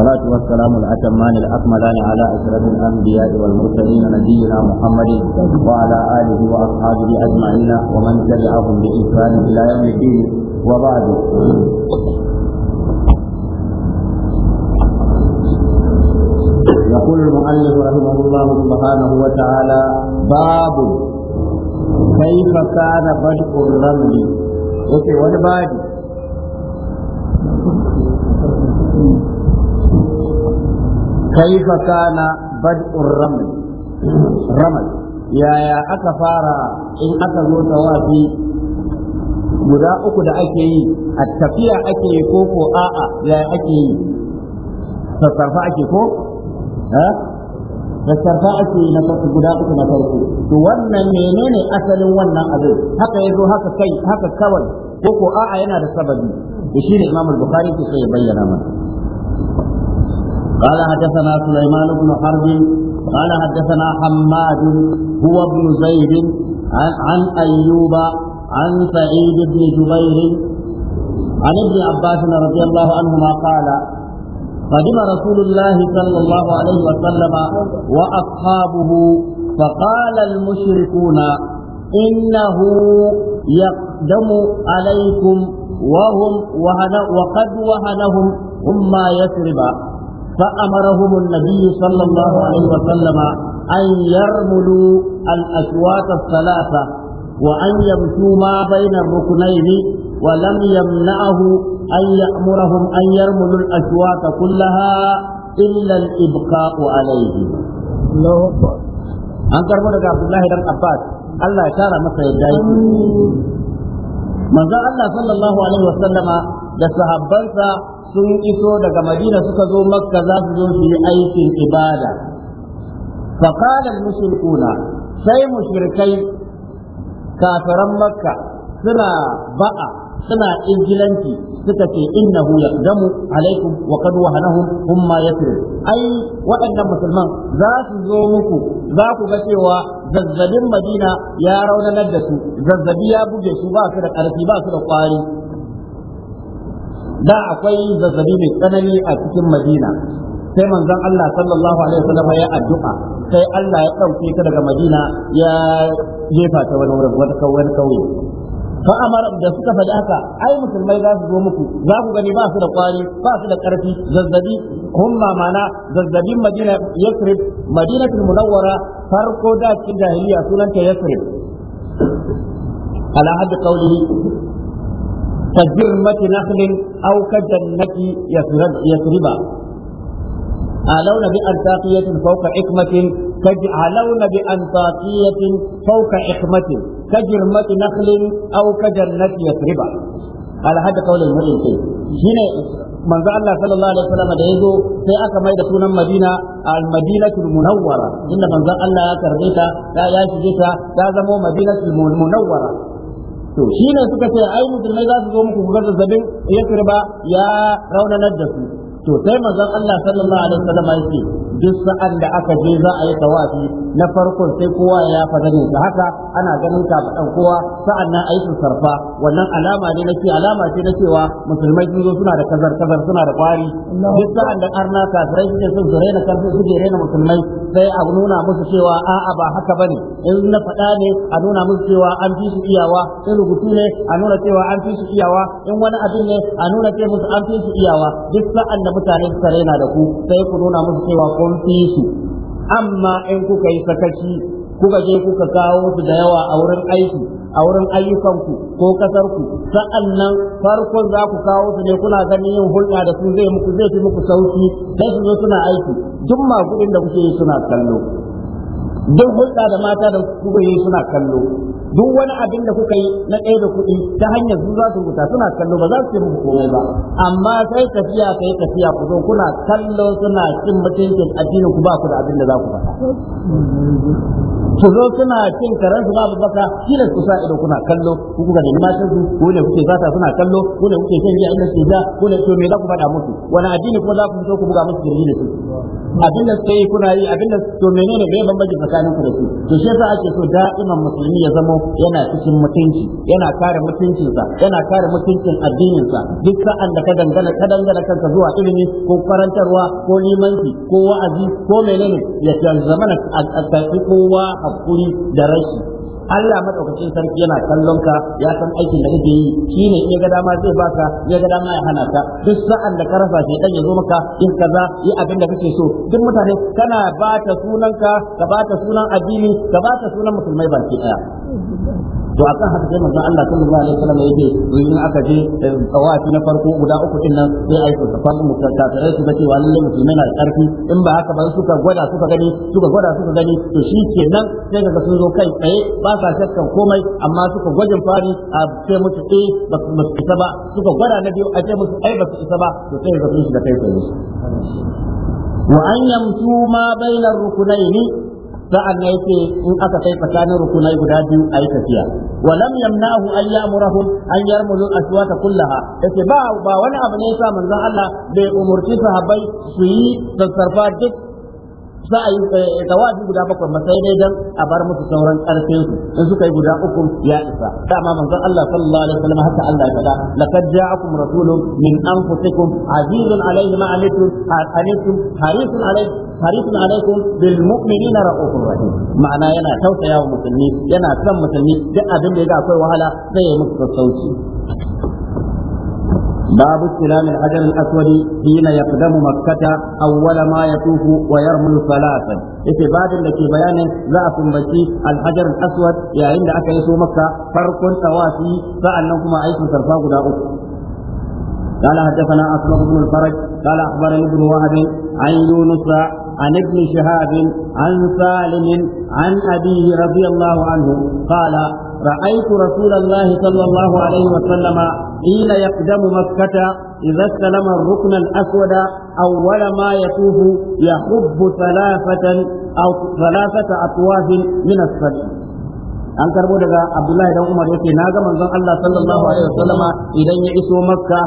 والصلاة والسلام الأتمان الأكملان على أشرف الأنبياء والمرسلين نبينا محمد وعلى آله وأصحابه أجمعين ومن تبعهم بإحسان إلى يوم الدين وبعد يقول المؤلف رحمه الله سبحانه وتعالى باب كيف كان بدء الرمل وفي والبادي كيف كان بدء الرمل رمل يا يا in فارا إن أكا توافي guda uku da ake a tafiya ake ko ko a'a ya ake yi sassarfa ake ko sassarfa ake yi na farko guda uku na farko to wannan menene asalin wannan abin haka yazo haka kai haka kawai ko ko a'a yana da sababi to shine Imam Bukhari ke so ya bayyana mana قال حدثنا سليمان بن حرب قال حدثنا حماد هو ابن زيد عن, عن أيوب عن سعيد بن جبير عن ابن عباس رضي الله عنهما قال قدم رسول الله صلى الله عليه وسلم وأصحابه فقال المشركون إنه يقدم عليكم وهم وهن وقد وهنهم أما يثرب فأمرهم النبي صلى الله عليه وسلم أن يرملوا الأشواط الثلاثة وأن يمشوا ما بين الركنين ولم يمنعه أن يأمرهم أن يرملوا الأشواط كلها إلا الإبقاء عليه الله أكبر أنكر عبد الله بن عباس الله يشار مصر الجاي من الله صلى الله عليه وسلم da sahabbansa sun iso daga madina suka zo makka za su zo su yi aikin ibada faƙalar mushrikuna sai mushrikai kafiran makka suna ba'a suna injilanci suka ce innahu yaqdamu alaikum wa qad wahanahum humma yasir ai waɗannan musulman za su zo muku za ku ga cewa zazzabin madina ya raunanar da su zazzabi ya buge su ba su da ƙarfi ba su da ƙwari da akwai zazzabi mai tsanani a cikin madina sai manzon Allah sallallahu alaihi wasallam ya addu'a sai Allah ya dauke ta daga madina ya jefa ta wani wurin wata kawai kauye fa amara da suka faɗi haka ai musulmai za su zo muku za ku gani ba su da kwari ba su da ƙarfi zazzabi kuma mana zazzabin madina yasrib madinatul munawwara farko da cikin jahiliya sunanta yasrib ala hadd qawlihi كجرمة نخل أو كجنة يسربا علون بأنطاقية فوق حكمة علون بأنطاقية فوق حكمة كجرمة نخل أو كجنة يسربا على هذا قول المؤمن هنا manzo Allah sallallahu alaihi wasallam da yazo sai aka mai da sunan Madina al-Madinatul Munawwara inda manzo Allah ya karbe ta ya shige ya zama Madinatul Munawara. to shi ne suka ce ai musulmai za su zo muku ku zazzabin ya ya raunanar da su to sai manzon Allah sallallahu alaihi wasallam ya ce duk sa'an da aka je za a yi tawafi na farkon sai kowa ya yafa zane da haka ana ganin kafaɗan kowa sa'an nan a yi sarfa wannan alama ne na ce alama ce na cewa musulmai sun zo suna da kazar kazar suna da kwari duk sa'an da arna kafirai suke son su na karfi suke raina musulmai sai a nuna musu cewa a'a ba haka bane in na faɗa ne a nuna musu cewa an fi su iyawa in rubutu ne a nuna cewa an fi su iyawa in wani abin ne a nuna ce musu an fi su iyawa duk sa'an da mutane suka raina da ku sai ku nuna musu cewa ko kun fi su amma in kuka yi sakaci kuka je kuka kawo su da yawa a wurin aiki a wurin ayyukanku ko kasarku sa'an nan farkon za ku kawo su ne kuna ganin yin hulɗa da su zai muku zai fi muku sauki sai su zo suna aiki duk kuɗin da kuke yi suna kallo duk hulɗa da mata da kuke yi suna kallo duk wani abin da kuka yi na ɗaya da kuɗi ta hanyar su za su rubuta suna kallo ba za su yi muku komai ba amma sai tafiya kai tafiya ku zo kuna kallo suna cin mutuncin addinin ku ba ku da abin da za ku fata su zo suna cin karen su babu baka kila su sa ido kuna kallo ku kuka da matan su ko ne kuke zata suna kallo ko ne kuke shan giya inda ke da ko ne to me za ku faɗa musu wani addini kuma za ku zo ku buga musu kirji da su abin da sai kuna yi abin da to menene me bambanci tsakanin ku da su to shi yasa ake so imam musulmi ya zamo yana cikin mutunci yana kare mutuncinsa yana kare mutuncin addininsa duk sa'an da ka dangana ka dangana kanka zuwa ilimi ko karantarwa ko limanci ko wa'azi ko menene ya zama a kowa haƙuri da rashi Allah madaukakin sarki yana kallon ka ya san aikin da kake yi shi ne, in ga dama zai baka ya ga dama ya hana ka duk sa'an da ka rasa shi dan ya zo maka in kaza yi abin da kake so duk mutane kana bata sunan ka ka bata sunan addini ka bata sunan musulmai baki ɗaya. to akan haka sai manzon Allah sallallahu alaihi wasallam yake in aka je eh, tawafi na farko guda uku din nan sai ai su mu su ga cewa karfi in ba haka ba suka gwada suka gani suka gwada suka gani to sai kaga sun zo kai tsaye ba sa komai amma suka gwajin fari a ce musu eh ba su isa ba suka gwada na biyu a ce musu ai ba su isa ba to sai sun shiga kai tsaye wa an yamtu ma bainar rukunaini sa'an ya ce in aka kai tsakanin rukunai guda biyu a yi tafiya wa lam yamnahu an ya'murahum an yarmulu aswata kullaha yace ba ba wani abu ne yasa manzon Allah bai umurci sahabbai su yi sassarfa duk za a yi eh, tawafi guda bakwai masai dai dan a bar musu sauran karfin su in suka yi guda uku ya isa dama manzon Allah sallallahu alaihi wasallam haka Allah ya faɗa laqad ja'akum rasulun min anfusikum azizun alaihi ma anittum anittum harisun alaihi harisun alaikum bil mu'minina ra'ufur rahim ma'ana yana tausaya wa musulmi yana son musulmi duk abin da ya ga akwai wahala zai yi musu sassauci باب استلام الحجر الاسود حين يقدم مكة اول ما يطوف ويرمل ثلاثا في بعد التي بيان ذات بشي الحجر الاسود يا عند اكيسو مكة فرق تواسي فانكما ايضا ترفع غدا قال حدثنا اسلم بن الفرج قال اخبرني ابن وهب عن يونس عن ابن شهاب عن سالم عن ابيه رضي الله عنه قال رأيت رسول الله صلى الله عليه وسلم حين يقدم مكة إذا استلم الركن الأسود أول ما يطوف يحب ثلاثة أو ثلاثة أطواف من السبع an karbo daga Abdullahi dan Umar yake na ga manzon Allah sallallahu alaihi wasallama idan ya iso Makka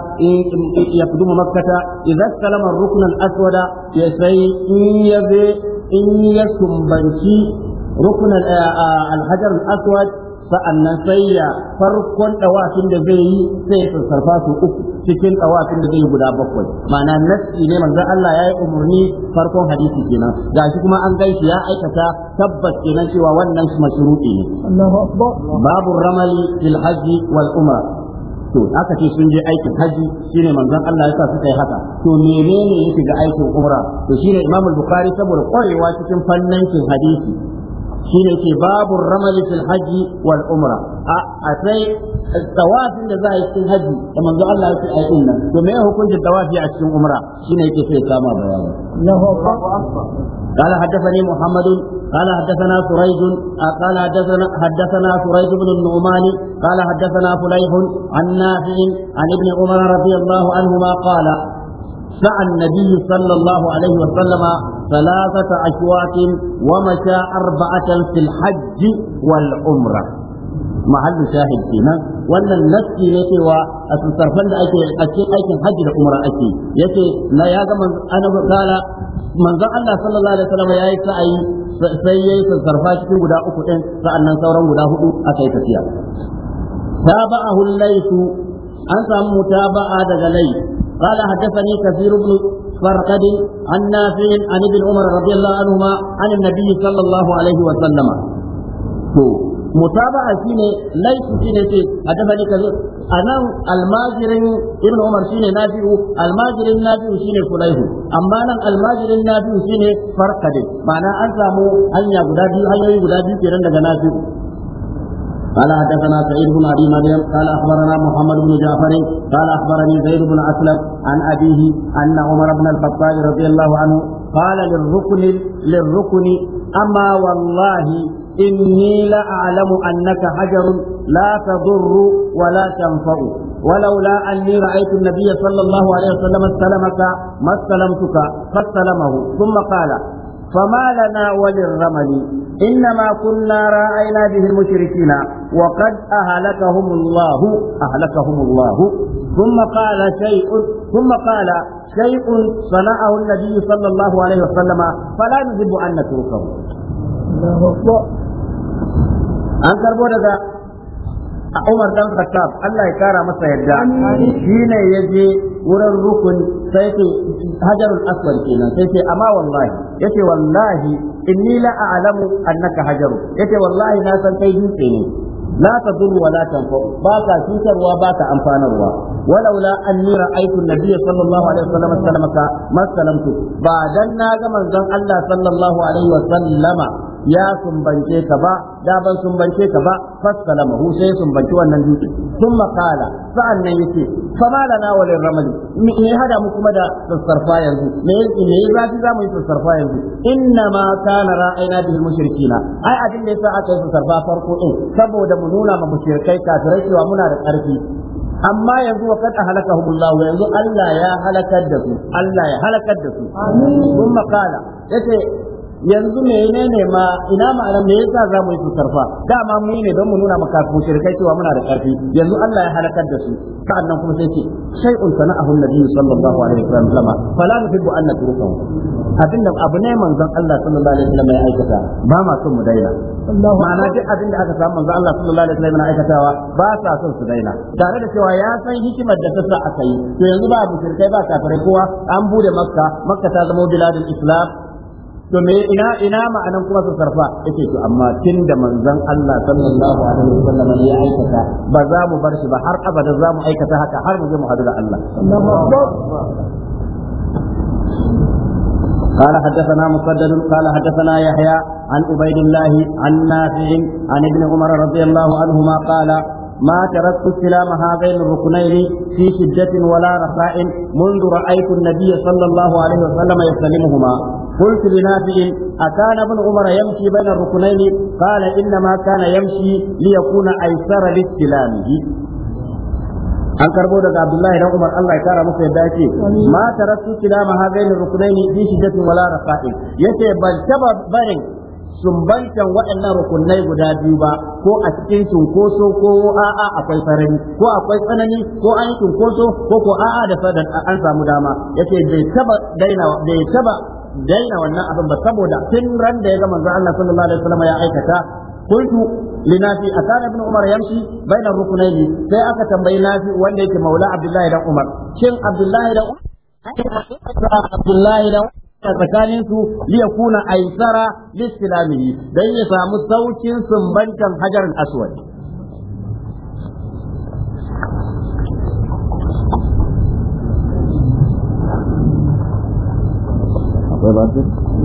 ya fuduma Makkata idza salama ar aswada ya sai in ya in ya sumbanci rukn al-hajar al-aswad sa'annan sai ya farkon dawafin da zai yi sai ya sarfa su uku cikin dawafin da zai yi guda bakwai ma'ana nasi ne manzon Allah ya yi umarni farkon hadisi kenan gashi kuma an gaishe ya aikata tabbas kenan cewa wannan mashru'i ne babu ramali fil hajji wal umra to aka ce sun je aikin haji shine manzon Allah ya sa suka yi haka to menene yake ga aikin umra to shine Imam Bukhari saboda kwarewa cikin fannincin hadisi shine ke babu ramali fil haji wal umra a sai tawafin da za a yi cikin haji da manzo Allah ya ce a yi nan to me hukuncin tawafi a cikin umra shine yake so ya kama bayani Allahu akbar قال حدثني محمد قال حدثنا سريج قال حدثنا حدثنا سريج بن النعمان قال حدثنا فليح عن نافع عن ابن عمر رضي الله عنهما قال سعى النبي صلى الله عليه وسلم ثلاثة أشواط ومشى أربعة في الحج والعمرة محل شاهد kenan wannan nassi ne cewa a sarfan da ake aikin hajji da umra ake yace na ya ga annabi Allah sallallahu alaihi wasallam yayi sa'ayi sai yayi sarfa cikin guda uku din sa'annan sauran guda hudu aka yi tafiya tabahu laysu an samu mutaba'a daga laysu قال حدثني كثير بن فرقد عن نافع عن ابن عمر رضي الله عنهما عن النبي صلى الله عليه وسلم متابعة شيني ليس شيني شيء حدثني كثير أنا الماجر ابن عمر شيني نافع الماجر النافع شيني فليه أما أنا الماجر النافع شيني فرقد معناه أنسى أن يقول هذه هل يقول هذه كيرن نافع قال حدثنا سعيد بن ابي مريم قال اخبرنا محمد بن جعفر قال اخبرني زيد بن اسلم عن ابيه ان عمر بن الخطاب رضي الله عنه قال للركن للركن اما والله إني لأعلم أنك حجر لا تضر ولا تنفع ولولا أني رأيت النبي صلى الله عليه وسلم استلمك ما استلمتك فاستلمه ثم قال فما لنا وللرمل إنما كنا راعينا به المشركين وقد أهلكهم الله أهلكهم الله ثم قال شيء ثم قال شيء صنعه النبي صلى الله عليه وسلم فلا نجب أن نتركه an karbo daga Umar dan Khattab Allah ya kara masa yarda shine yaje wurin rukun sai ce hajarun aswar kenan sai ce amma wallahi yace wallahi inni la a'lamu annaka hajaru yace wallahi na san kai dutse ne لا تضر ولا تنفع باك شكر وباك أنفان الله ولولا أني رأيت النبي صلى الله عليه وسلم سلمك ما سلمت بعد أن الله صلى الله عليه وسلم ya sumbance ka ba da ban sumbance ka ba fassala mahu sai sumbanci wannan dutse sun makala sa'an nan yace fa malana walil ramali me hada mu kuma da sassarfa yanzu me me zafi za mu yi sassarfa yanzu inna ma kana ra'ayna bil mushrikina ai abin da yasa aka yi sassarfa farko din saboda mu nuna ma mushrikai kafirai cewa muna da ƙarfi amma yanzu wa kad ahlakahum Allah yanzu Allah ya halakar da su Allah ya halakar da su amin kuma kala yace yanzu menene ma ina ma'ana me yasa za mu yi cutar fa dama mu ne don mu nuna maka mushrikai cewa muna da karfi yanzu Allah ya halakar da su sa'annan kuma sai ce shay'un sana'ahu nabiyyu sallallahu alaihi wasallam fala nuhibbu an natrukahu abinda abu ne manzon Allah sallallahu alaihi wa sallam ya aikata ba ma son mu daina ma'ana duk abin da aka samu manzon Allah sallallahu alaihi wa sallam na aikatawa ba sa son su daina tare da cewa ya san hikimar da ta sa aka yi to yanzu ba mushrikai ba kafirai kowa an bude makka makka ta zama biladul islam to me ina ina ma'anan kuma su sarfa yake to amma da manzon Allah sallallahu alaihi wasallam ya aikata ba za mu bar shi ba har abada za mu aikata haka har mu je mu hadu da Allah قال حدثنا مسدد قال حدثنا يحيى عن عبيد الله عن نافع عن ابن عمر رضي الله عنهما قال ما تركت استلام هذين الركنين في شدة ولا رخاء منذ رأيت النبي صلى الله عليه وسلم يستلمهما قلت لنافع أكان ابن عمر يمشي بين الركنين قال إنما كان يمشي ليكون أيسر لاستلامه an karbo daga Abdullahi dan Umar Allah ya kara masa yadda yake ma tarattu kilama hadain rukunaini bi shiddatin wala rafa'i yace ban taba barin sumbantan waɗannan rukunai guda biyu ba ko a cikin cunkoso ko so ko a'a akwai sarari ko akwai tsanani ko an yi so ko ko a'a da sadan an samu dama yace bai taba daina bai taba daina wannan abin ba saboda tun ran da ya ga manzo Allah sallallahu alaihi wasallam ya aikata kuntu linafi akana ibn umar yamshi baina ne, sai aka tambayi nafi wanda yake maula abdullahi dan umar shin abdullahi dan umar abdullahi dan umar tsakanin su liyakuna aisara lislamihi dan ya samu saukin sumbancan hajar aswad أبو السلام الركني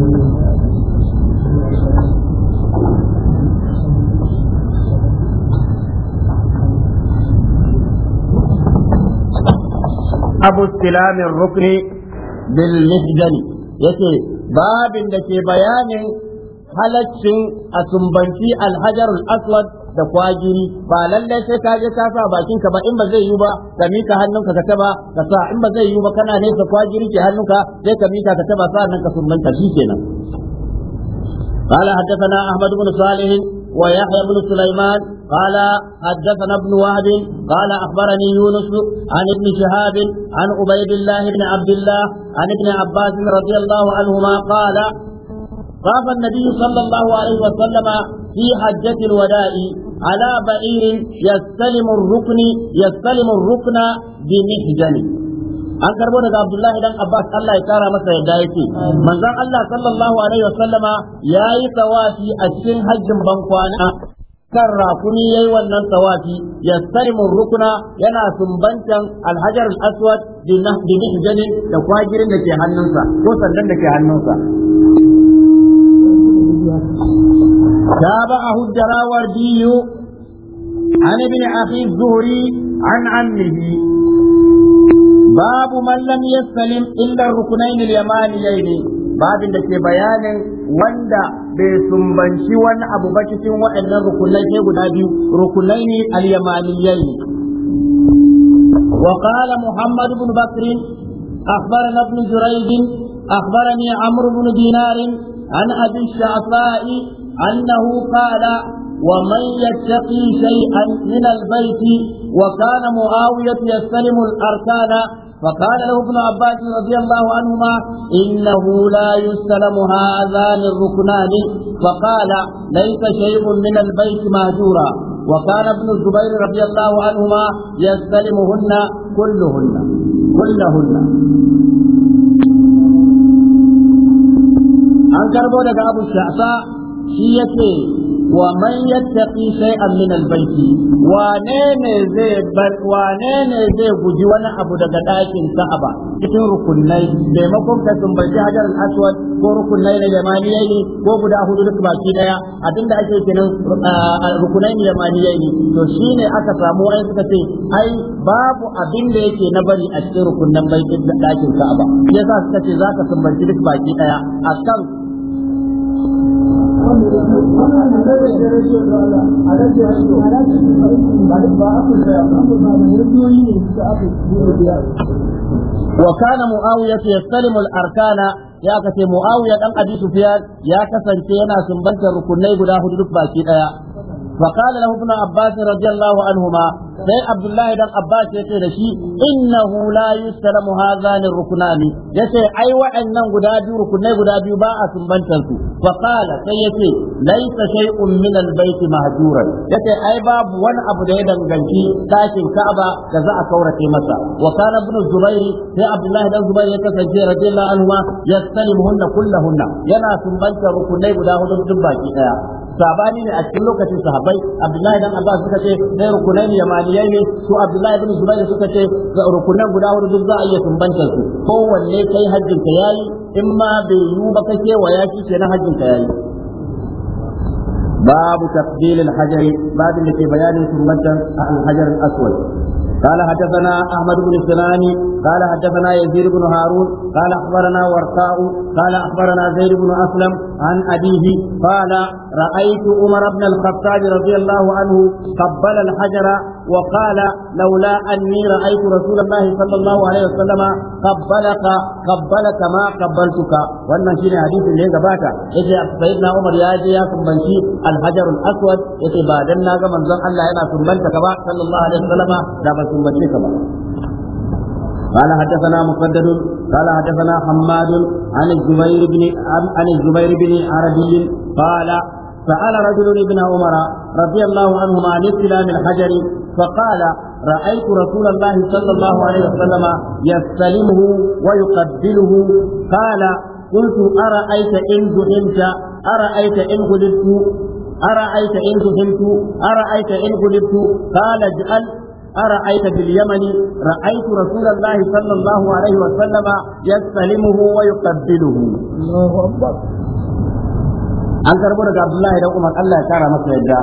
بالمسجد يتي باب لكي حلت هلتش أسنبنتي الحجر الأسود da kwagiri ba lallai sai ka je ka sa bakin ka ba in ba zai yi ba ka mika hannunka ka taba ka sa in ba zai yi ba kana nesa kwagiri ke hannunka sai ka mika ka taba sa nan ka sumbanta shi قال حدثنا احمد بن صالح ويحيى بن سليمان قال حدثنا ابن وهب قال اخبرني يونس عن ابن شهاب عن عبيد الله بن عبد الله عن ابن عباس رضي الله عنهما قال طاف النبي صلى الله عليه وسلم في حجة الوداع على بعير يستلم الركن يستلم الركن بمحجن an karbo daga Abdullahi dan Abbas Allah ya kara masa yadda yake manzon Allah sallallahu alaihi wasallama yayi tawafi a cikin hajjin bankwana kan rakuni yayi wannan tawafi yastarimu rukuna yana sumbantan alhajar aswad bi mihjani da kwagirin da ke hannunsa ko sandan da ke hannunsa تابعه الدراوردي عن ابن أخي الزهري عن عمه باب من لم يسلم إلا الركنين اليمانيين babin da ke bayanin wanda bai sumbanci wani abu ba cikin waɗannan rukunai sai guda biyu rukunai ne al-yamaniyai وقال محمد بن بكر أخبرنا ابن جريج أخبرني عمرو بن دينار عن أبي الشعثاء أنه قال ومن يتقي شيئا من البيت وكان معاوية يستلم الأركان فقال له ابن عباس رضي الله عنهما إنه لا يستلم هذان الركنان فقال ليس شيء من البيت مهجورا وكان ابن الزبير رضي الله عنهما يستلمهن كلهن كلهن an karbo daga abu sha'sa shi yake wa man yattaqi shay'an min al-bayti wane ne zai bar wane ne zai guji wani abu daga ɗakin Ka'aba cikin rukunai maimakon ka tumbaci Hajar al-Aswad ko rukunai ne yamaniyai ne ko guda hudu duk baki daya abinda ake kenan rukunai ne yamaniyai ne to shine aka samu ai suka ce ai babu abin da yake na bari a cikin rukunan baitin ɗakin Ka'aba yasa suka ce zaka tumbaci duk baki daya akan وكان معاوية يستلم الأركان ya kace ce muawiya dan abi sufyan ya kasance yana sumbantar rukunai guda hudu duk baki daya fa qala lahu ibn abbas radiyallahu anhuma sai abdullahi dan abbas yace da shi innahu la yusallamu hadhan ar-ruknani yace ai wa'annan guda biyu rukunai guda biyu ba a sumbantar su fa qala sai yace laysa shay'un min al-bayt mahjuran yace ai babu wani abu da ya danganci dakin ka'aba da za a kaurace masa wa kana ibn zubair sai abdullahi dan zubair ya kasance radiyallahu anhu yastalimuhunna kullahunna yana sumbantar rukunai guda hudu duk baki daya sabani ne a cikin lokacin sahabbai abdullahi dan abbas suka ce sai rukunan yamaniyai ne su abdullahi ibn zubair suka ce rukunan guda hudu duk za a iya tumbanta su kowanne kai hajjin ka yayi in ma bai yi ba kake wa ya shi kenan hajjin ka yayi babu tafdil al-hajar da ke bayanin tumbanta al-hajar al-aswad قال حدثنا احمد بن سنان قال حدثنا يزيد بن هارون قال اخبرنا ورقاء قال اخبرنا زيد بن اسلم عن ابيه قال رايت عمر بن الخطاب رضي الله عنه قبل الحجر وقال لولا أني رأيت رسول الله صلى الله عليه وسلم قبلك قبلك ما قبلتك wannan shine hadisin da ya gabata yace sayyidina Umar ya je ya sumbanci al-hajarul aswad yace ba dan naga manzon Allah yana sumbanta ka ba sallallahu alaihi wasallama da ba ba قال حدثنا مسدد قال حدثنا حماد عن الزبير بن عن الزبير بن عربي قال سأل رجل ابن عمر رضي الله عنهما عن استلام الحجر فقال رأيت رسول الله صلى الله عليه وسلم يستلمه ويقبله قال قلت أرأيت إن ذهبت أرأيت إن غلبت أرأيت إن ذهبت أرأيت إن غلبت قال اجعل أرأيت باليمن رأيت رسول الله صلى الله عليه وسلم يستلمه ويقبله الله أكبر an karbo daga Abdullahi dan Umar Allah ya kara masa yadda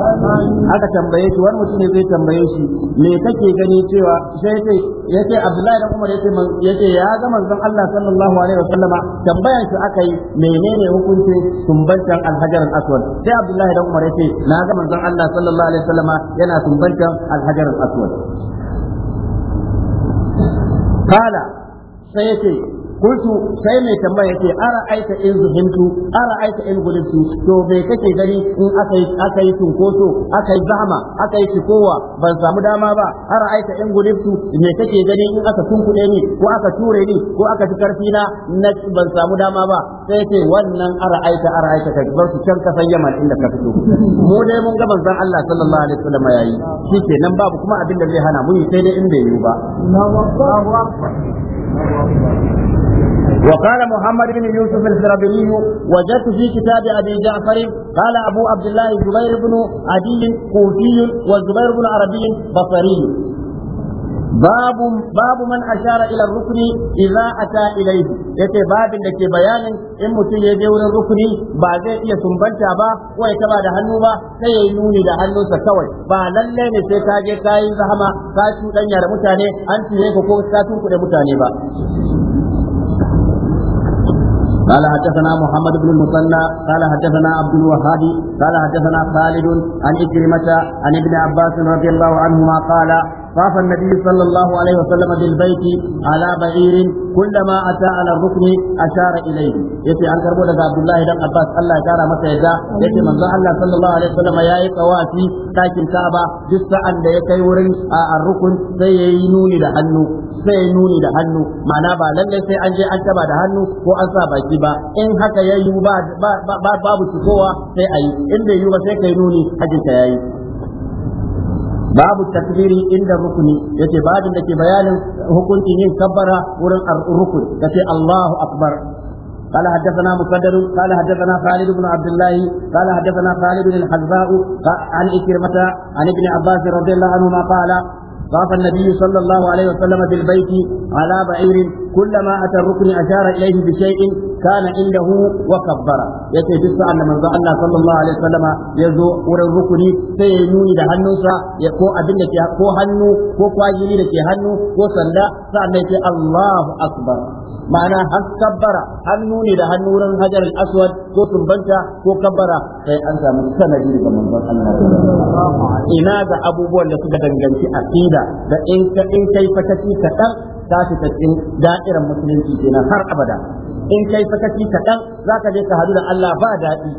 aka tambaye shi wani mutum ne zai tambaye shi me kake gani cewa sai sai yace Abdullahi dan Umar yace yace ya ga manzon Allah sallallahu alaihi wasallama tambayar shi aka yi menene hukuncin sumbantan alhajar aswad sai Abdullahi dan Umar yace na ga manzon Allah sallallahu alaihi wasallama yana sumbantan alhajar aswad kala sai yace kuntu sai mai tambaya yace ara aita in zuhimtu ara aita in gulibtu to me kake gani in aka aka yi tunkoso aka yi zahama aka yi cikowa ban samu dama ba ara aita in gulibtu me kake gani in aka tunkuɗe ni ko aka ture ni ko aka ci karfi na ban samu dama ba sai ce wannan ara aita ara aita ka bar su can kasan yamma, inda ka fito mu dai mun ga manzon Allah sallallahu alaihi wasallam yayi ke nan babu kuma abin da zai hana mu sai dai in bai yi ba Allahu akbar Allahu akbar وقال محمد بن يوسف الفرابري وجدت في كتاب ابي جعفر قال ابو عبد الله زبير بن عدي كوفي وزبير بن عربي بصري باب باب من اشار الى الركن اذا اتى اليه yace babin da ke bayanin in mutum ya je wurin rukuni ba zai iya sumbanta ba ko ya taba da hannu ba sai ya yi nuni da hannunsa kawai ba lalle ne sai ka je ka yi zahama ka da mutane an tuye ka ko ka kuɗe mutane ba قال حدثنا محمد بن المثنى قال حدثنا عبد الوهاب قال حدثنا خالد عن إكرمة عن ابن عباس رضي الله عنهما قال طاف النبي صلى الله عليه وسلم بالبيت على بعير كلما أتى على الركن أشار إليه يتي عن كربو عبد الله بن عباس الله تعالى متى يدا يتي من الله صلى الله عليه وسلم يا طوافي ɗakin Ka'aba duk sa'an da ya kai wurin a rukun sai ya yi nuni da hannu sai ya nuni da hannu ma'ana ba lallai sai an je an taba da hannu ko an sa baki ba in haka ya yi babu cikowa sai a yi in bai ba sai kai nuni hajjinka ya yi babu takbiri inda rukuni yace babin da ke bayanin hukuncin yin kabbara wurin rukuni yace Allahu akbar قال حدثنا مسدد قال حدثنا خالد بن عبد الله قال حدثنا خالد بن الحذاء عن إكرمة عن ابن عباس رضي الله عنهما قال طاف النبي صلى الله عليه وسلم بالبيت على بعير كلما أتى الركن أشار إليه بشيء kana indahu wa kabbara yace duk sa'an da manzo Allah sallallahu alaihi wasallama yazo wurin rukuni sai ya nuni da hannunsa ya ko abin da ke ko hannu ko kwajili da ke hannu ko sanda sa'an da yake Allahu akbar ma'ana har kabbara hannu ne da hannu wurin hajar al ko tumbanta ko kabbara sai an samu sanadi daga manzon Allah ina ga abubuwan da suka danganci aqida da in ka in kai fataki za su musulunci kenan har abada in kai sakaci kaɗan za ka je ka hadu da Allah ba daɗi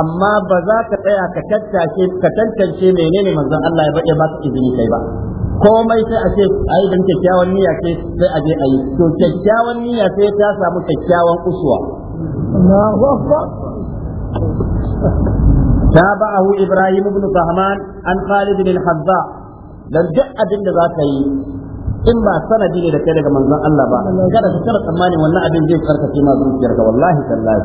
amma ba za ka tsaya ka tattace ka tantance menene manzon Allah ya bade baka izini kai ba komai sai a ce ayi dan kyakkyawan niyya ce sai a je ayi to kyakkyawan niyya sai ta samu kyakkyawan uswa Allahu akbar تابعه إبراهيم بن فهمان عن خالد بن الحذاء dan duk abin da za ka yi in ba sanadi ne da kai daga manzon Allah ba kada ka taba tsammani wannan abin zai karkace ma ka wallahi tallahi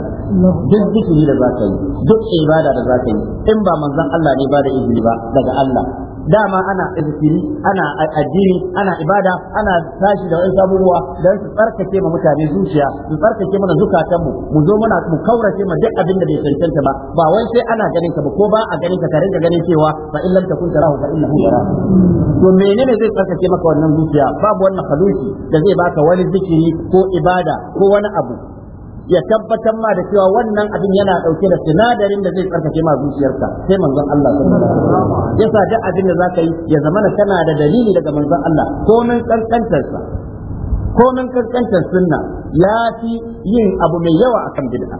duk zikiri da zaka yi duk ibada da zaka yi in ba manzon Allah ne ba da izini ba daga Allah dama ana zikiri ana addini ana ibada ana tashi da wani sabuwa don su tsarkake ma mutane zuciya su tsarkake mana zukatan mu zo muna mu kaurace ma duk abin da bai cancanta ba ba wai sai ana ganin ka ba ko ba a ganin ka ka rinka ganin cewa fa in takun tarahu fa innahu yara to menene zai tsarkake maka wannan zuciya babu wannan haluki da zai baka wani zikiri ko ibada ko wani abu ya tabbatar ma da cewa wannan abin yana dauke da sinadarin da zai tsarkake ma zuciyarka sai manzon Allah sallallahu alaihi wasallam yasa duk abin da zaka yi ya zamana kana da dalili daga manzon Allah komin kankantarsa komin kankantar sunna ya fi yin abu mai yawa akan bid'a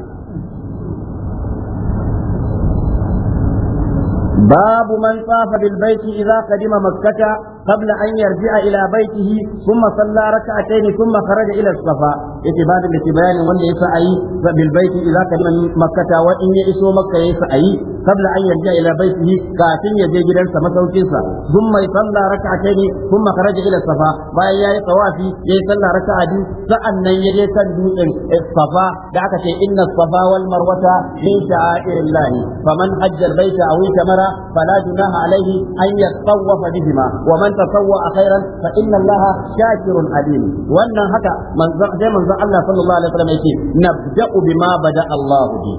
باب من طاف بالبيت إذا قدم مكة قبل أن يرجع إلى بيته ثم صلى ركعتين ثم خرج إلى الصفا yake ba da mai bayanin wanda ya sa'ayi fa bil baiti idza kana makkata wa in ya iso makka ya sa'ayi qabla an yarja ila baitihi kafin ya je gidansa masaukin sa thumma yalla rak'atayn thumma kharaja ila safa bayan yayi tawafi yayi sallah raka'a biyu sa'annan ya je kan dutsen safa da aka ce inna safa wal fala junaha alayhi an yatawafa تطوع خيرا فإن الله شاكر عليم وأن هكا من زي من الله صلى الله عليه وسلم يقول نبدأ بما بدأ الله به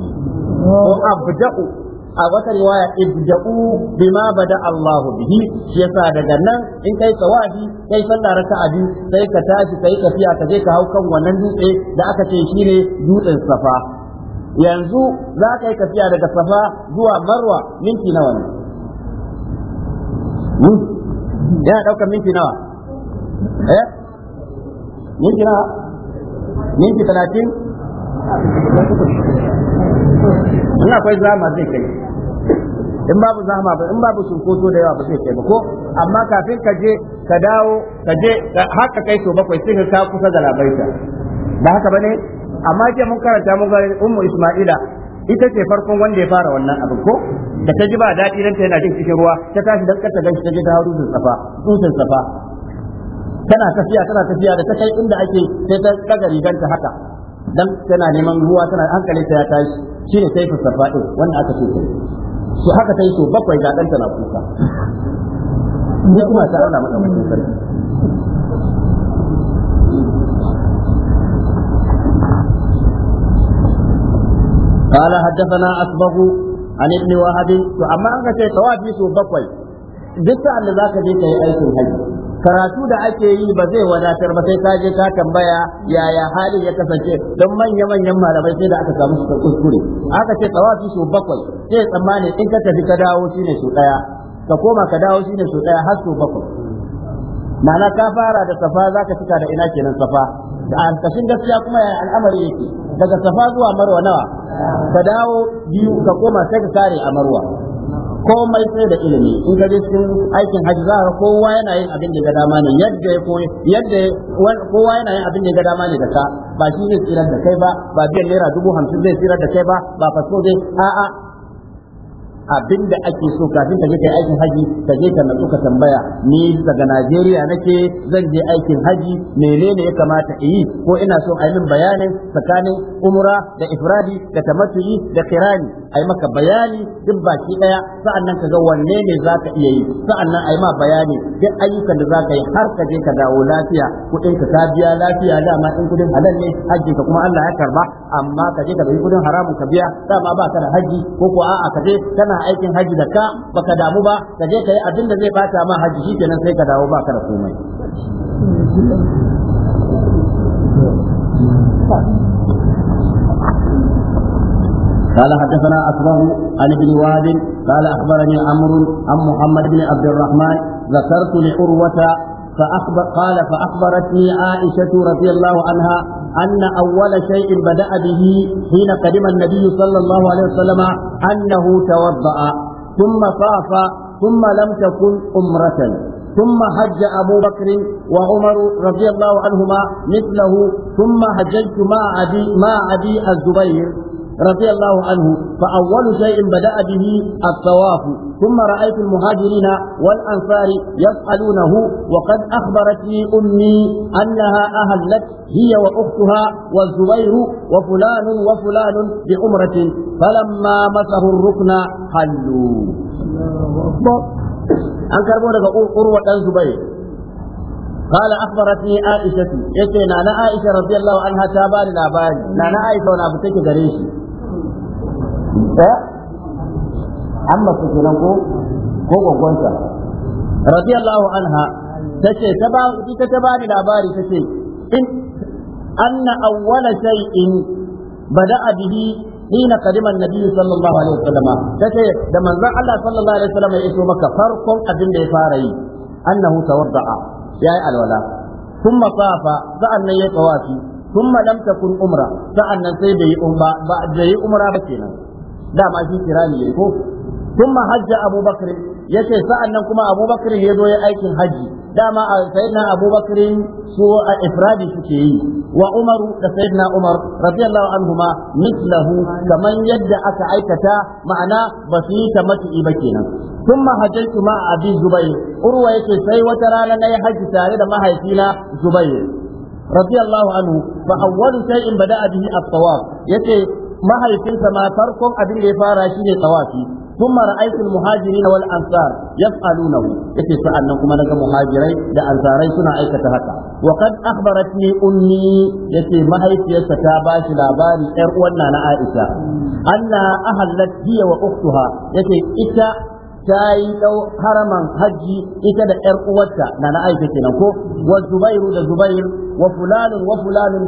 وأبدأ a wata riwaya ibda'u bima bada Allahu bihi yasa daga nan in kai tawafi kai sallah raka'a biyu sai ka tashi kai tafiya ka je ka hau kan wannan dutse da aka ce shine dutsen Safa yanzu za ka yi tafiya daga Safa zuwa Marwa minti nawa ne yana daukar minti nawa eh minti nawa minti talatin in akwai zama zai kai in babu zama ba in babu sunkoto da yawa ba zai kai ba ko amma kafin ka je ka dawo ka je haka kai so bakwai sai ka kusa da labaita ba haka bane amma ke mun karanta mun ga ummu isma'ila ita ce farkon wanda ya fara wannan abin ko da ta ji ba daɗi nan ta yana jin cikin ruwa ta tashi dan kanta ganshi ta ji ta hau dutsen safa dutsen safa tana tafiya tana tafiya da ta kai inda ake sai ta daga ta haka dan tana neman ruwa tana hankali ta ya tashi shine sai fa safa din wanda aka ce su haka ta yi so bakwai ga ɗanta na kuka. Ni kuma ta ana mata mutum قال حدثنا أصبغ عن ابن وهب فأما أنك توافي سو بقوي دسا أن ذاك جيك أيك الحج karatu da ake yi ba zai wadatar ba sai kaje je ka tambaya yaya halin ya kasance don manya manyan malamai sai da aka samu su kuskure aka ce tawafi su bakwai sai tsammani in ka tafi ka dawo shine su daya ka koma ka dawo shine su daya har su bakwai ma'ana ka fara da safa zaka cika da ina kenan safa da a kashin gaskiya kuma ya al'amari yake daga safa zuwa marwa nawa ka dawo biyu ka koma sai ka kare a marwa komai sai da ilimi in ka je cikin aikin hajji za ka kowa yana yin abin da ga dama ne yadda ya koyi yadda kowa yana yin abin da ga dama ne da ka ba shi zai tsira da kai ba ba biyan naira dubu hamsin zai tsira da kai ba ba fasko zai a'a abinda ake so kafin ka je kai aikin haji ka je ka natsu ka tambaya ni daga Najeriya nake zan je aikin haji menene ya kamata in yi ko ina so a yi min bayanin tsakanin umra da ifradi da tamattu'i da kirani a yi maka bayani duk baki daya sa'annan ka ga wanne ne zaka iya yi sa'annan a yi ma bayani duk ayyukan da zaka yi har ka je ka dawo lafiya kuɗin ka biya lafiya dama in kudin halal ne haji ka kuma Allah ya karba amma ka je ka bi kudin haramun ka biya dama ba ka da haji ko ko a'a ka je kana kana aikin haji da ka baka damu ba ka je ka yi abin da zai bata ma haji shi kenan sai ka dawo baka da komai قال حدثنا أصبه عن ابن واد قال أخبرني عمرو عن محمد بن عبد الرحمن ذكرت لعروة فأخبر قال فأخبرتني عائشة رضي الله عنها أن أول شيء بدأ به حين قدم النبي صلى الله عليه وسلم أنه توضأ ثم طاف ثم لم تكن أمرة ثم حج أبو بكر وعمر رضي الله عنهما مثله ثم حججت مع أبي, مع أبي الزبير رضي الله عنه فأول شيء بدأ به الطواف ثم رأيت المهاجرين والأنصار يفعلونه وقد أخبرتني أمي أنها أهلت هي وأختها والزبير وفلان وفلان بعمرة فلما مسه الركن حلوا an karbo daga urwa dan zubair قال اخبرتني عائشه yace nana aisha radiyallahu anha ta bani labari nana aisha wani abu take gare shi eh amma su kenan ko ko gwagwanta radiyallahu anha tace ta ba ita ta bani labari tace in anna awwala shay'in bada'a bihi حين قدم النبي صلى الله عليه وسلم تتي ده منزل الله صلى الله عليه وسلم يسو مكة فرق أبن ده فاري أنه توضع يا الولاء ثم طاف فأن يطوافي ثم لم تكن أمرا فأن سيدي أمرا بعد أمرا بكنا dama shi kirani yayi ko kuma hajja Abu Bakr yace sa'an nan kuma Abu ya zo aikin haji dama a sayyidina Abu Bakr su a ifradi suke yi wa Umar da sayyidina Umar radiyallahu anhuma mislahu kamar yadda aka aikata ma'ana basu su yi tamattu'i ba kenan Tun hajjatu ma Abi Zubayr urwa yace sai wata rana na yi haji tare da mahaifina Zubayr radiyallahu anhu fa awwalu shay'in bada'a bihi at-tawaf yace mahaifinsa ma farkon abin da ya fara shi ne tsawafi sun mara aikin muhajiri na wal ansar ya fi yake sa'an nan kuma daga muhajirai da ansarai suna aikata haka wa kan akhbarat ni ummi yake mahaifiyarsa ta ba shi labari ƴar uwan na na Aisha Allah ahallat hiya wa ukhtuha yake ita ta yi dau haraman hajji ita da ƴar uwarta na na aisha kenan ko wa zubairu da zubair wa fulanun wa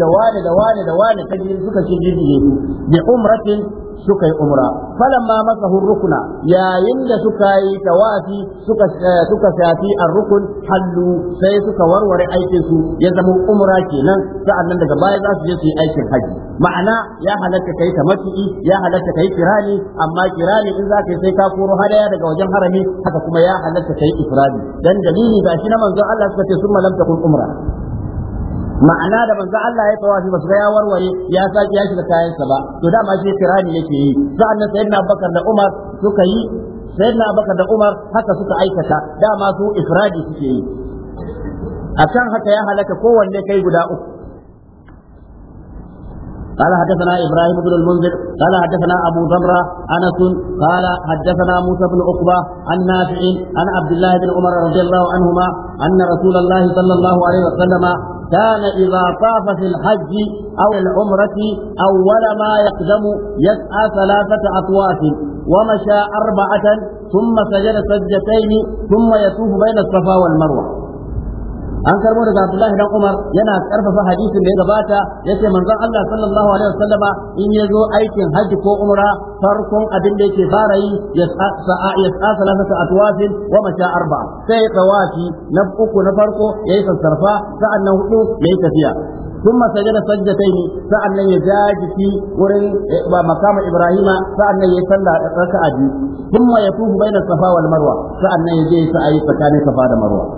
da wani da wani da wani ta suka shirye su bi umratin suka yi umra falamma masahu rukuna yayin da suka yi tawafi suka eh, suka shafi ar-rukun hallu sai suka warware aikin su ya zama umra kenan nan daga baya za su je su yi aikin haji ma'ana ya halatta kai tamattu'i ya halatta kai kirani amma kirani in za ka sai ka koro hadaya daga wajen harami haka kuma ya halatta kai ifradi dan dalili gashi na manzon Allah suka ce summa lam takun umra ma'ana da manzo Allah ya tawafi ba su ga ya warware ya saki ya shiga kayansa ba to dama shi kirani yake yi sa'annan sayyidina Abubakar da Umar suka yi sayyidina Abubakar da Umar haka suka aikata dama su ifradi suke yi akan haka ya halaka kowanne kai guda uku قال حدثنا ابراهيم بن المنذر قال حدثنا ابو ضمرة انس قال حدثنا موسى بن عقبه عن نافع عن عبد الله بن عمر رضي الله عنهما ان رسول الله صلى الله عليه وسلم كان إذا طاف في الحج أو العمرة أول ما يقدم يسعى ثلاثة أطواف ومشى أربعة ثم سجد سجدتين ثم يطوف بين الصفا والمروة an karbo daga Abdullahi dan Umar yana karfafa hadisin da ya gabata yace manzon Allah sallallahu alaihi wasallama in ya zo aikin hajji ko umra farkon abin da yake fara yi ya yas'a salasata atwafin wa masha arba sai tawafi na uku na farko yayi sassarfa sa'an nan hudu yayi tafiya ثم سجد سجدتين سألنا يجاج في ورن مقام إبراهيم سألنا يصلى ركعة ثم يطوف بين الصفا والمروة سألنا يجي سأي سكان الصفا والمروة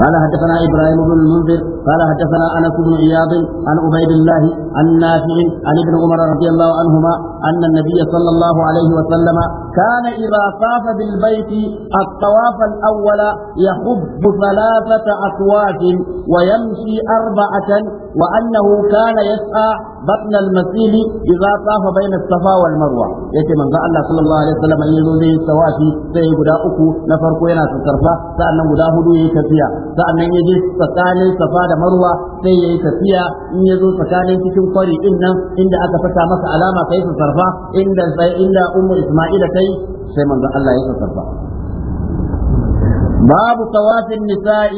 قال حدثنا ابراهيم بن المنذر قال حدثنا انس بن عياض عن عبيد الله عن نافع عن ابن عمر رضي الله عنهما ان النبي صلى الله عليه وسلم كان اذا طاف بالبيت الطواف الاول يخب ثلاثه اطواف ويمشي اربعه وأنه كان يسعى بطن المسيل إذا طاف بين الصفا والمروة يتي من الله صلى الله عليه وسلم أن يزوزي سواتي سيه قدا أكو نفرق ينا سكرفا سأنا قدا هدو يكفيا سأنا يجي سكاني صفا دا مروة سيه يكفيا إن يزو سكاني تكون قري إنا إن أكفتا مس علامة كيف سكرفا إن إن أم إسماعيل كي سيما الله يسكرفا باب طواف النساء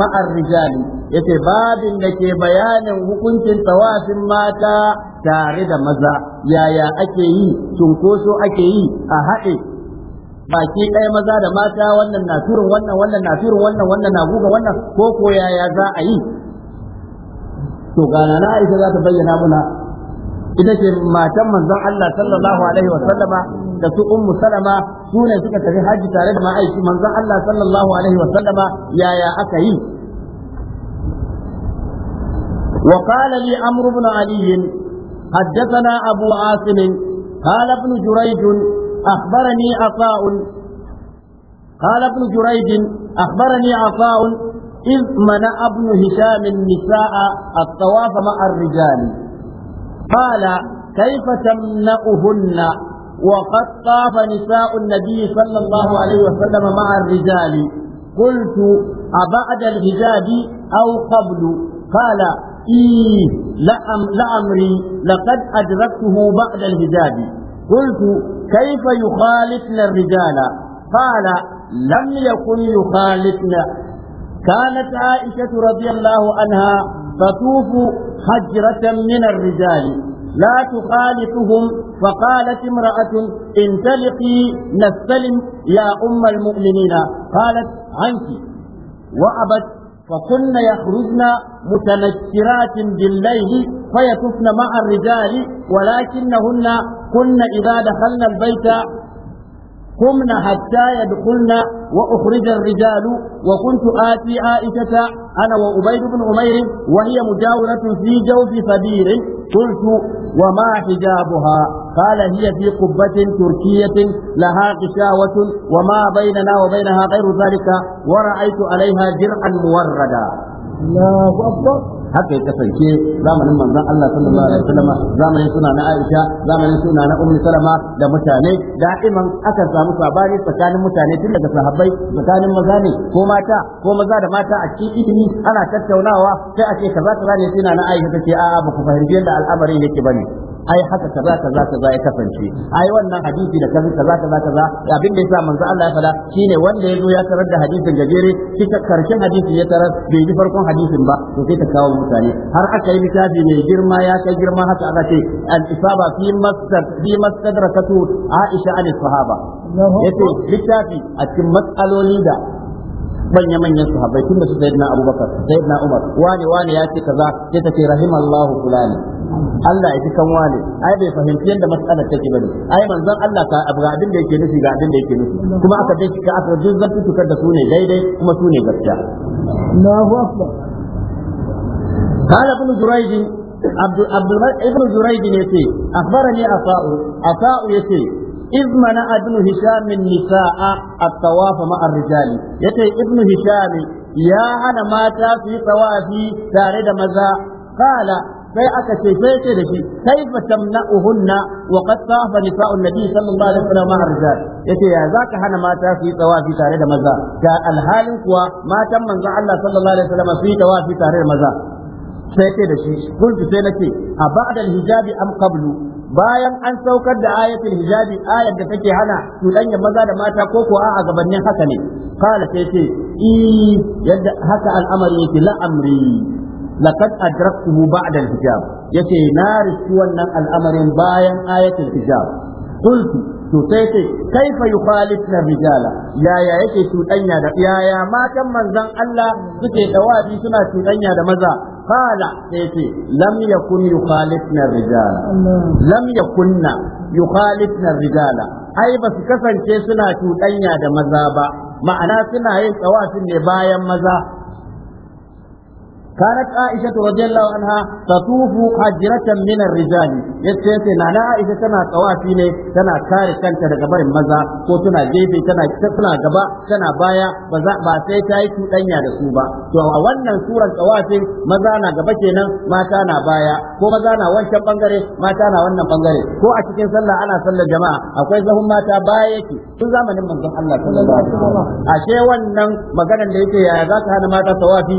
مع الرجال yace babin da ke bayanin hukuncin tawafin mata tare da maza yaya ake yi cunkoso ake yi a haɗe baki ɗaya maza da mata wannan na turin wannan wannan na turin wannan wannan na guga wannan ko ko yaya za a yi to gana na Aisha za ta bayyana muna ita ce matan manzon Allah sallallahu alaihi wa sallama da su ummu salama su ne suka tafi haji tare da ma'aiki manzon Allah sallallahu alaihi wa sallama yaya aka yi وقال لي عمرو بن علي حدثنا أبو عاصم قال ابن جريج أخبرني عطاء قال ابن جريج أخبرني عطاء إذ منع ابن هشام النساء الطواف مع الرجال قال كيف تمنعهن وقد طاف نساء النبي صلى الله عليه وسلم مع الرجال قلت أبعد الحجاب أو قبل قال إيه، لأم لأمري لقد أدركته بعد الهجاب قلت كيف يخالفن الرجال قال لم يكن يخالفن كانت عائشة رضي الله عنها تطوف حجرة من الرجال لا تخالفهم فقالت امرأة انطلقي نستلم يا أم المؤمنين قالت عنك وأبت فكن يخرجن متنكرات بالليل فيطفن مع الرجال ولكنهن كن إذا دخلن البيت قمن حتى يدخلن وأخرج الرجال وكنت آتي عائشة أنا وأبيد بن عمير وهي مجاورة في جوف سبيل قلت وما حجابها قال هي في قبة تركية لها غشاوة وما بيننا وبينها غير ذلك ورأيت عليها جرعا موردا الله أكبر haka ya kasance zamanin manzon Allah sallallahu alaihi wasallam zamanin suna na Aisha zamanin suna na Ummu Salama da mutane da da'iman aka samu sabani tsakanin mutane tun daga sahabbai tsakanin maza ne ko mata ko maza da mata a cikin ilimi ana tattaunawa sai a ce kaza kaza ne suna na Aisha take a'a ba ku fahimci yadda al'amarin yake bane ai haka kaza kaza kaza ya kasance ai wannan hadisi da kaza kaza kaza kaza abin da yasa manzo Allah ya fada shine wanda ya zo ya tarar da hadisin gajere kika karshen hadisin ya tarar bai ji farkon hadisin ba to sai ta kawo mutane har aka yi littafi mai girma ya kai girma haka aka ce al-isaba fi masdar fi masdrakatu Aisha an sahaba yace littafi a cikin matsaloli da manya-manyan sahabbai tun da su sayyidina Abubakar sayyidina Umar wani wani ya ce kaza sai ta ce rahimallahu fulani Allah ya ji kan wane ai bai fahimci yadda matsalar take bane ai manzon Allah ka abu ga abin da yake nufi ga abin da yake nufi kuma aka dai ka aka zan tuka da su ne daidai kuma su ne gaskiya Allahu akbar قال ابن جريج عبد عبد ابن جريج يتي اخبرني عطاء عطاء يتي إذ منع ابن هشام النساء الطواف مع الرجال يتي ابن هشام يا أنا ما في طوافي تارد maza قال sai aka ce sai ce da shi kaifa tamna'uhunna wa qad safa nisa'un nabi sallallahu alaihi wasallam ma'ar rijal yace ya zaka hana mata su yi tsawafi tare da maza ga alhalin kuwa matan manzon Allah sallallahu alaihi wasallam su yi tsawafi tare da maza sai ce da shi kulki sai nake a ba'da hijabi am qablu bayan an saukar da ayatul hijabi ayar da take hana cuɗanya maza da mata ko ko a gabanin haka ne kala sai ce i yadda haka al'amari yake la'amri. laqad adraktuhu ba'da al-hijab yace na riski wannan al'amarin bayan ayatul hijab qultu to ce kaifa yukhalifna rijala yaya yake cuɗanya da yaya matan manzan Allah suke dawafi suna cuɗanya da maza qala sai ce lam yakun yukhalifna rijala lam yakunna yukhalifna rijala ai ba su kasance suna cuɗanya da maza ba ma'ana suna yin tsawafin ne bayan maza كانت عائشة رضي الله عنها تطوف حجرة من الرجال يتسي نانا عائشة تنا توافيني تنا كاري تنا قبر مزا كو تنا جيفي تنا تنا قبا تنا بايا بزا باسي تاي تنيا رسوبا تو أولنا سورة توافي مزا نا قبتنا ما تانا بايا كو مزا نا وانشا بانجري ما تانا وانا بانجري كو أشكين صلى أنا صلى جماعة أكويز لهم ما تابايكي كل زمن من الله صلى الله عليه وسلم أشي وانا مغانا ليكي يا ذاتها نماتا ما تتوافي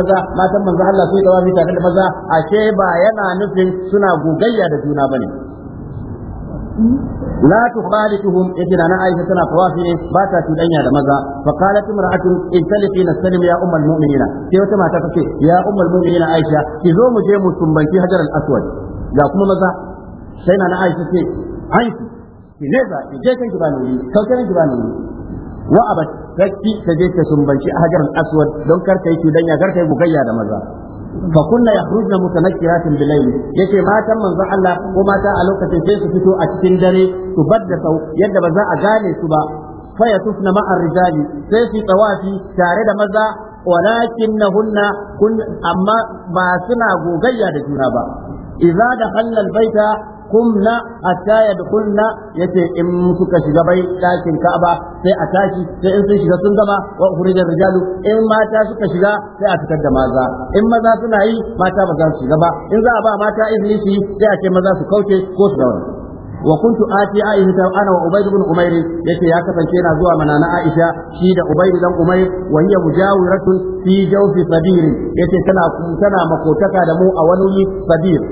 مزا ما matan manzo Allah su yi tawafi tare da maza ashe ba yana nufin suna gogayya da juna bane لا تخالطهم إذن أنا عائشة سنة طوافي باتا تدنيا لمزا فقالت امرأة انسلقي نستلم يا أم المؤمنين كيف ما تفكي يا أم المؤمنين عائشة إذا مجيم سنبن في هجر الأسود لا كم مزا سينا أنا عائشة سي عائشة ki nesa ki je kan ki ba nauyi kauke ki ba nauyi wa abat sai ta je ta sumbanci hajar aswad don kar ta yi cudanya kar ta yi gugayya da maza fa kunna yakhrujna mutanakiratin bilayl yace matan manzo Allah ko mata a lokacin sai su fito a cikin dare su badda sau yadda ba za a gane su ba fa yatufna ma'ar rijali sai su tawafi tare da maza ولكنهن كن أما ما سنا juna ba. با إذا دخلنا البيت kumna hatta yadkhulna yace in suka shiga bai dakin Ka'aba sai a tashi sai in sun shiga sun gama wa ukhrija rijalu in mata suka shiga sai a fitar da maza in maza suna yi mata ba za su shiga ba in za a ba mata izini su sai a ce maza su kauce ko su dawo wa kuntu ati aisha ana wa ubayd ibn umayr yace ya kasance yana zuwa mana na aisha shi da ubayd dan umayr wa hiya mujawiratun fi jawfi sabir yace tana tana makotaka da mu a wani sadir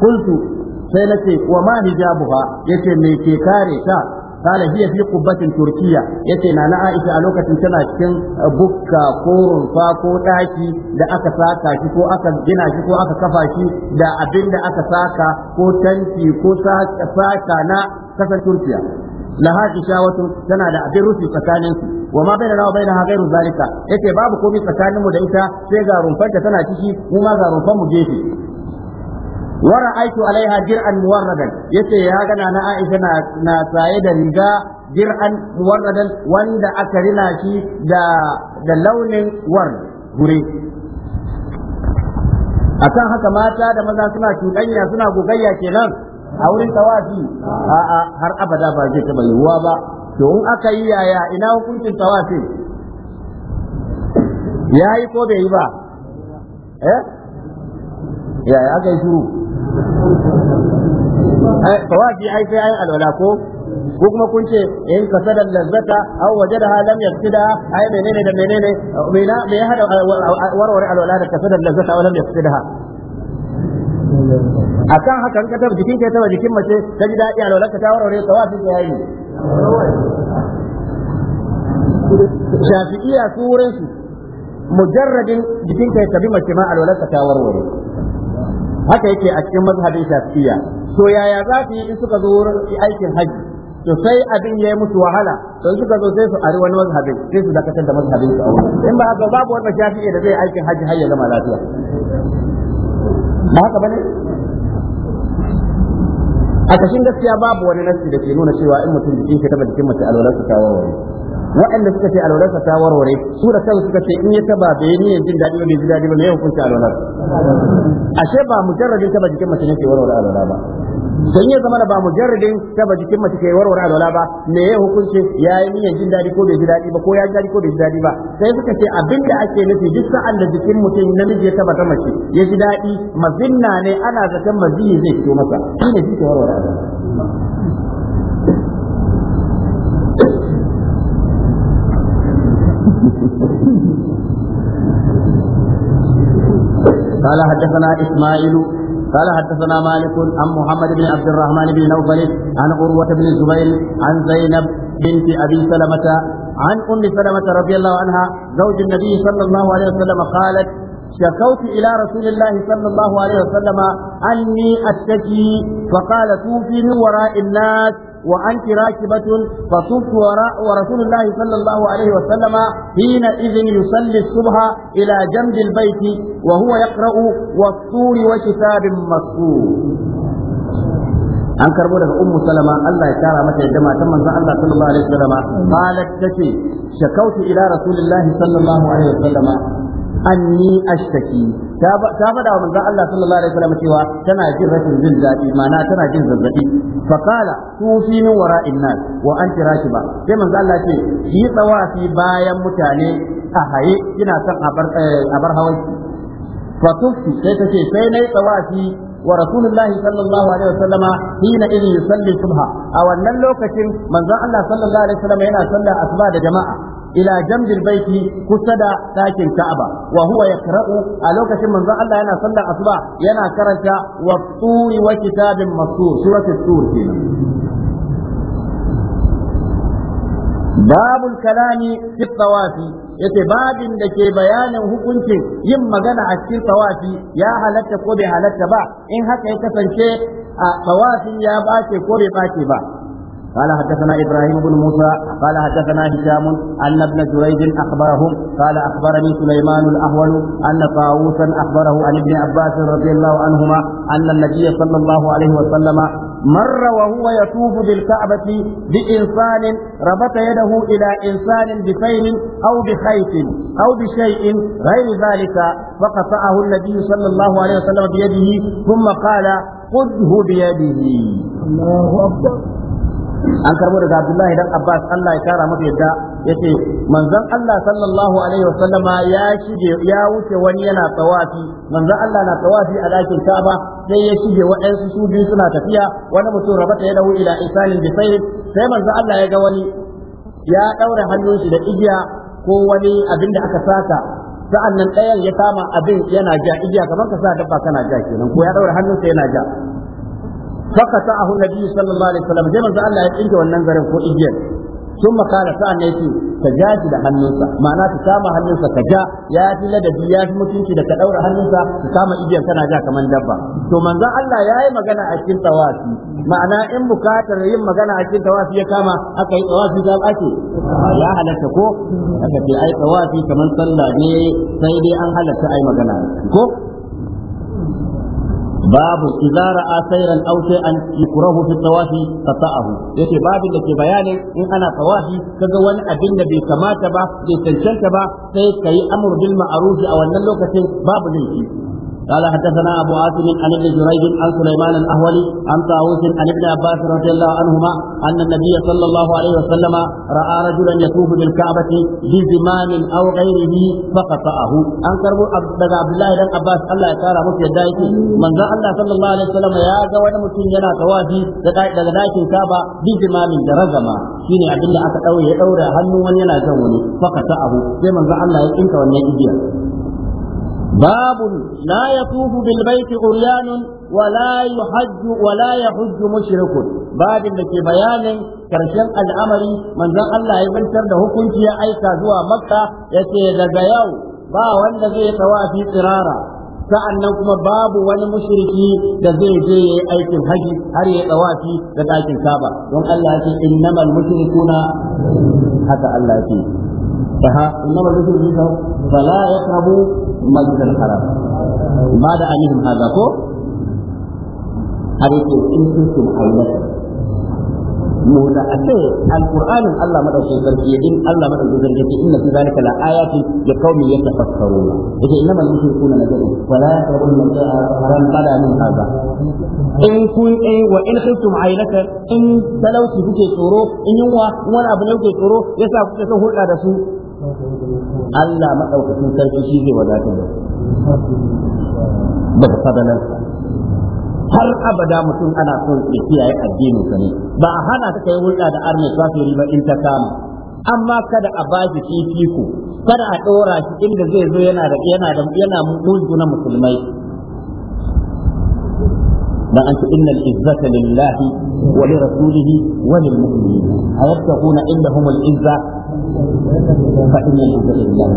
قلت sai na ce wa ma hijabuha yace me ke kare ta fi هي turkiya yace na, na Aisha a lokacin tana cikin eh, bukka ko rumfa ko ɗaki da aka saka shi ko aka gina shi ko aka kafa shi da abin da aka saka ko tanki ko saka na kasar Turkiya laha shawatu tana da abin rufi tsakanin su wa ma bainana wa bainaha ghairu zalika yace babu komai tsakanin mu da ita sai ga rumfar ta tana ciki mu ma ga rumfar mu gefe wa aiki alaiha jir'an muwarradan yace ya gana na Aisha na na saye da riga jir'an muwarradan wanda aka rina shi da da launin war gure akan haka mata da maza suna cuɗanya suna gogayya kenan a wurin tawafi a'a har abada ba zai taɓa yiwuwa ba to in aka yi yaya ina hukuncin tawafi ya yi ko bai yi ba eh yaya aka yi shuru Eh, tawafi ai sai ai alwala ko ko kuma kun ce in kasada lazzata aw wajadaha lam yafsida ai menene da menene mina me ya hada warware alwala da kasada lazzata aw lam yafsidaha akan haka ka taba jikin ka taba jikin mace ta ji dadi alwala ka ta warware tawafi da yayi shafi'iya su wurin su mujarradin jikin ka tabi mace ma alwala ka ta warware haka yake a cikin mazhabin shafi'iyya to yaya za su yi in suka zo wurin aikin haji to sai abin ya yi musu wahala to suka zo sai su ari wani mazhabin sai su dakatar da mazhabin su in ba haka babu wanda shafi'i da zai aikin haji har ya gama lafiya ba haka bane a kashin gaskiya babu wani nasi da ke nuna cewa in mutum jikin shi taba jikin mace alwala su kawo wani waɗanda suka ce alwalarsa ta warware su da kansu suka ce in ya taba bai ni jin daɗi ba bai ji daɗi ba me hukunta alwalar ashe ba mujarradin taba jikin mace ne ke warware alwala ba dan ya zama ba mujarradin taba jikin mace ke warware alwala ba me ya hukunce ya yi niyyar jin daɗi ko bai ji daɗi ba ko ya ji daɗi ko bai ji daɗi ba sai suka ce abin da ake nufi duk sa'an da jikin mutum namiji ya taba ta mace ya ji daɗi mazinna ne ana zaton maziyi zai fito masa shine jikin warware alwala قال حدثنا إسماعيل قال حدثنا مالك عن محمد بن عبد الرحمن بن نوفل عن عروة بن الزبير عن زينب بنت أبي سلمة عن أم سلمة رضي الله عنها زوج النبي صلى الله عليه وسلم قالت شكوت إلى رسول الله صلى الله عليه وسلم أني أشتكي فقال توفي من وراء الناس وأنت راكبة فطفت وراء ورسول الله صلى الله عليه وسلم حينئذ يصلي الصبح إلى جنب البيت وهو يقرأ والطور وكتاب مسطور an karbo daga ummu salama Allah ya kara mata yadda matan manzon Allah sallallahu alaihi wasallam qalat tace shakautu ila rasulillahi sallallahu alaihi wasallam anni ashtaki ta faɗa wa manzon Allah sallallahu alaihi wasallam cewa tana jin rashin jin daɗi ma'ana tana jin zazzabi fa qala fi min wara'in nas wa anti rakiba sai manzon Allah ce yi tsawafi bayan mutane a haye kina son a bar eh, hawanki fa tufi sai ta ce sai nayi tsawafi ورسول الله صلى الله عليه وسلم حين إذ يصلي الصبح أو أن اللوكة من الله صلى الله عليه yana sallar asuba da jama'a. ila jambil baiti kusa da dakin Ka'aba wa ya yaqra'u a lokacin manzon Allah yana sallar asuba yana karanta wa turi wa kitabin masur suratul tur kenan babul kalami fi tawafi babin da ke bayanin hukuncin yin magana a cikin tawafi ya halatta ko bai halatta ba in haka ya kasance a tawafin ya bace ko bai bace ba قال حدثنا ابراهيم بن موسى قال حدثنا هشام ان ابن جريج اخبرهم قال اخبرني سليمان الاهول ان طاووسا اخبره عن ابن عباس رضي الله عنهما ان النبي صلى الله عليه وسلم مر وهو يطوف بالكعبة بإنسان ربط يده إلى إنسان بسيل أو بخيط أو بشيء غير ذلك فقطعه النبي صلى الله عليه وسلم بيده ثم قال خذه بيده الله أكبر an karbo daga Abdullahi dan Abbas Allah ya kara masa yadda yace manzon Allah sallallahu alaihi wasallama ya shige ya wuce wani yana tawafi manzon Allah na tawafi a dakin Kaaba sai ya shige waɗansu su biyu suna tafiya wani mutum rabata ya dawo ila isalin bi sai manzon Allah ya ga wani ya daura hannun shi da igiya ko wani abin da aka saka sa'an nan ɗayan ya kama abin yana ja igiya kamar ka sa dabba kana ja kenan ko ya hannun hannunsa yana ja فقطعه النبي صلى الله عليه وسلم زي ما الله يتنجي والنظر ko igiyar sun makala sa'an ne ce ka ja shi da hannunsa ma'ana ka kama hannunsa ka ja ya fi ladabi ya fi mutunci da ka daura hannunsa ka kama igiyar kana ja kamar dabba to manzo Allah ya yi magana a cikin tawafi ma'ana in bukatar yin magana a cikin tawafi ya kama aka yi tawafi da ake ya halatta ko aka ce ai tawafi kamar sallah ne sai dai an halatta ai magana ko babu idza ra'a sayran aw shay'an yukrahu fi tawafi qata'ahu yake babu da ke bayanin in ana tawafi ga wani abin da bai kamata ba bai cancanta ba sai ka yi bil ma'ruf a wannan lokacin babu laifi قال حدثنا أبو عاصم عن ابن جريج عن سليمان الأهولي عن طاووس عن ابن عباس رضي الله عنهما أن النبي صلى الله عليه وسلم رأى رجلا يطوف بالكعبة بزمام أو غيره فقطعه أن كربو عبد الله بن عباس الله يكرم في الدايتي من ذا الله صلى الله عليه وسلم يا جوان متين ينا توافي daga dakin kaba bi jimamin da ragama shine abin da aka daure ya daura hannu wani yana jan wani fakata abu sai manzo Allah ya kinka wannan igiyar باب لا يطوف بالبيت عريان ولا يحج ولا يحج مشرك باب لك بيان karshen al'amari manzon Allah ya bantar da hukunci ya aika zuwa makka yace daga yau ba wanda zai tawafi tsirara sa'annan kuma babu wani mushriki da zai je ya yi aikin hajji har ya tsawafi da ɗakin kaba don Allah ce innamal mushrikuna haka Allah ce فها إنما الذكر منكم فلا يقربوا مسجد الحرام بعد أنهم هذا كو حديث إن كنتم حيلة nuna a ce alƙur'anin Allah madaukakin sarki in Allah madaukakin sarki ce inna fi zalika la ayati li qaumin yatafakkaruna yace inna man yushrikuna la jadu wa haram bada in kun in wa in khiftum in talauci kuke tsoro in yunwa wani abu ne kuke tsoro yasa kuke son hulɗa da su Allah maɗaukacin sarki shi zai wadatar da daga fadalansa har abada mutum ana son ya kiyaye addinin sa ne ba a hana ta kai hulɗa da arme kafiri ba in ta kama amma kada a ba shi fifiko kada a ɗora shi inda zai zo yana da yana da yana na musulmai dan an ce innal izzata lillahi ولرسوله وللمؤمنين أيبتغون عندهم العزة فإن العزة لله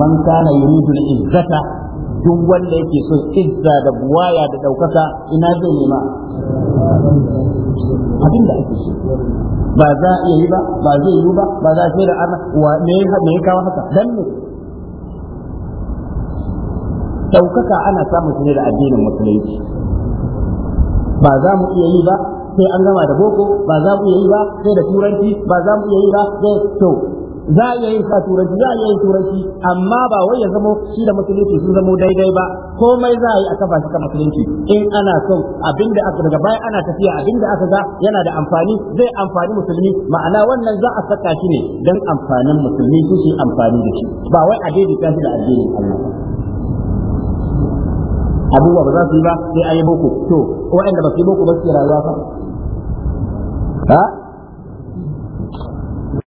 من كان يريد العزة duk wanda yake so izza da buwaya da ɗaukaka ina zai nema abin da ake so ba za a iya yi ba ba zai yi ba ba za a ce ana wa me ya kawo haka dan ne ɗaukaka ana samun su ne da addinin musulunci ba za mu iya yi ba sai an gama da boko ba za mu iya yi ba sai da turanci ba za mu iya yi ba sai to za a iya yin sa turanci za a iya yin turanci amma ba wai ya zama shi da musulunci sun zamo daidai ba komai za a yi a kafa shi ka musulunci in ana son da aka daga baya ana tafiya abin da aka ga yana da amfani zai amfani musulmi ma'ana wannan za a saka shi ne don amfanin musulmi su shi amfani da shi ba wai a daidaita shi da addinin Allah abubuwa ba za su yi ba sai an yi boko to waɗanda ba su yi boko ba su yi rayuwa ba